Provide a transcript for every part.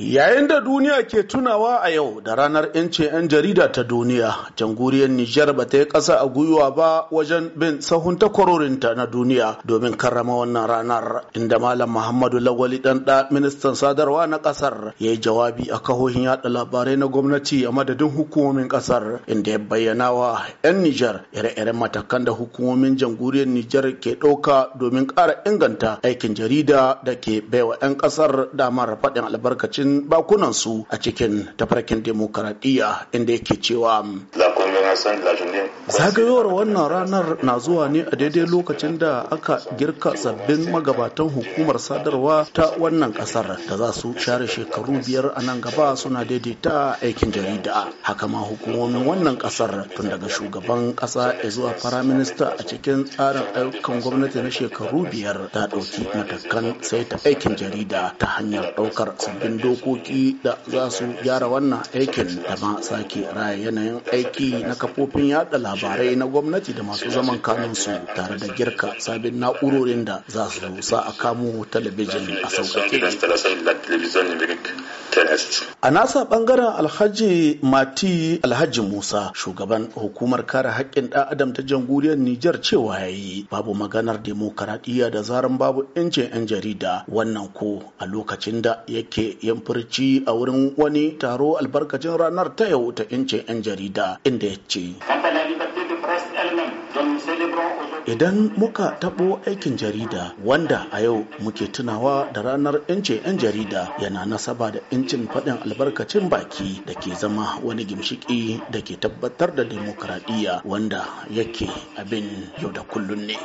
Yayin da duniya ke tunawa a yau da ranar 'yancin 'yan jarida ta duniya, jamhuriyar Nijar ba ta yi ƙasa a gwiwa ba wajen bin sahun takwarorinta na duniya domin karrama wannan ranar, inda Malam Muhammadu Lawali ɗanɗa ministan sadarwa na ƙasar ya yi jawabi a kahohin yaɗa labarai na gwamnati a madadin hukumomin ƙasar, inda ya bayyana wa 'yan Nijar ire-iren matakan da hukumomin jamhuriyar Nijar ke ɗauka domin ƙara inganta aikin jarida da ke baiwa 'yan ƙasar damar faɗin albarkacin bakunan su a cikin tafarkin demokaradiyya inda yake cewa zagayowar wannan ranar na zuwa ne a daidai lokacin da aka girka sabbin magabatan hukumar sadarwa ta wannan kasar da za su share shekaru biyar a nan gaba suna daidaita aikin jarida haka ma hukumomin wannan kasar tun daga shugaban kasa ya zuwa firaminista a cikin tsarin ayyukan gwamnati na shekaru biyar ta dauki matakan ta aikin jarida ta hanyar daukar sabbin dokoki da za su gyara wannan aikin da ma sake raya yanayin aiki na kafofin yada labarai na gwamnati da masu zaman kanunsu tare da girka sabin na'urorin da za su sa a kamo talabijin a sauƙaƙe. A nasa ɓangaren Alhaji Mati Alhaji Musa shugaban hukumar kare haƙƙin ɗan adam ta jamhuriyar Nijar cewa ya yi babu maganar demokaradiyya da zaran babu 'yancin 'yan jarida wannan ko a lokacin da yake yin furci a wurin wani taro albarkacin ranar ta yau ta 'yancin 'yan jarida inda ce idan muka taɓo aikin jarida wanda a yau muke tunawa da ranar 'yancin 'yan jarida yana nasaba da 'yancin faɗin albarkacin baki da ke zama wani gimshiki da ke tabbatar da demokradiyya wanda yake abin yau da kullun ne.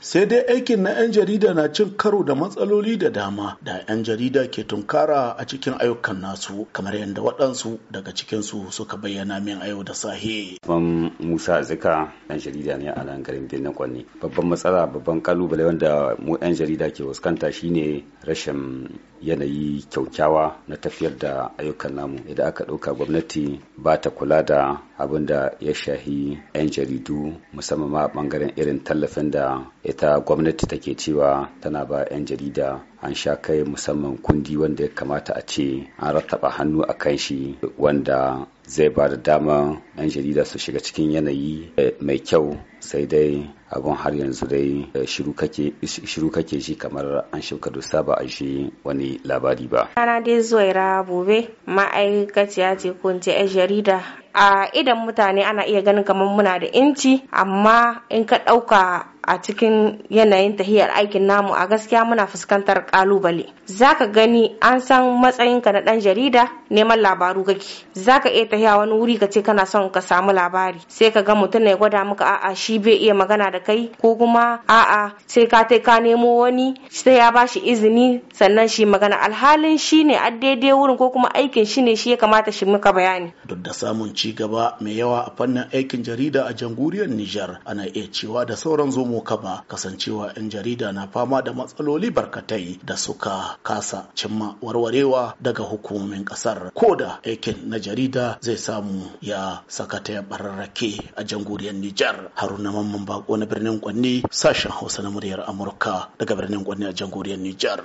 Sai dai aikin na 'yan jarida na cin karo da matsaloli da dama da 'yan jarida ke tunkara a cikin ayyukan nasu kamar yadda waɗansu daga cikinsu suka bayyana min a yau da sahe. Ban Musa Zika yan jarida ne a nan garin Birnin Kwanne. Babban matsala babban kalubale wanda mu 'yan jarida ke fuskanta shine rashin yanayi kyaukyawa na tafiyar da ayyukan namu idan aka ɗauka gwamnati ba ta kula da abin da ya shahi 'yan jaridu musamman ma a bangaren irin tallafin da ita gwamnati take cewa tana ba 'yan jarida an sha kai musamman kundi wanda ya kamata a ce an rattaba hannu a kan shi wanda zai ba da dama 'yan jarida su shiga cikin yanayi eh, mai kyau sai dai abun har yanzu dai eh, shiru kake shi kamar an shauka dusa ba a shi wani labari ba. Rana dai zoira bube ma'aikaciya ce ko 'yan jarida a idan mutane ana iya ganin kamar muna da inci amma in ka ɗauka a cikin yanayin tahiyar aikin namu a gaskiya muna fuskantar kalubale ka gani an san matsayinka na ɗan jarida neman labaru kake ka iya tahiya wani wuri ka ce kana son ka samu labari sai ka ga mutum na ya gwada maka a'a shi bai iya magana da kai ko kuma a'a sai ka tai ka nemo wani sai ya ba shi izini sannan shi magana alhalin shi ne a daidai wurin ko kuma aikin shi ne shi ya kamata shi muka bayani da samun ci gaba mai yawa a fannin aikin jarida a jamhuriyar Nijar ana iya cewa da sauran zomo kama kasancewa 'yan jarida na fama da matsaloli barkatai da suka kasa cimma warwarewa daga hukumomin kasar ko da aikin na jarida zai samu ya sakata ya bararrake a jamhuriyar Nijar Haruna Mamman Bako na birnin Kwanni sashen Hausa na muryar Amurka daga birnin Kwanni a jamhuriyar Nijar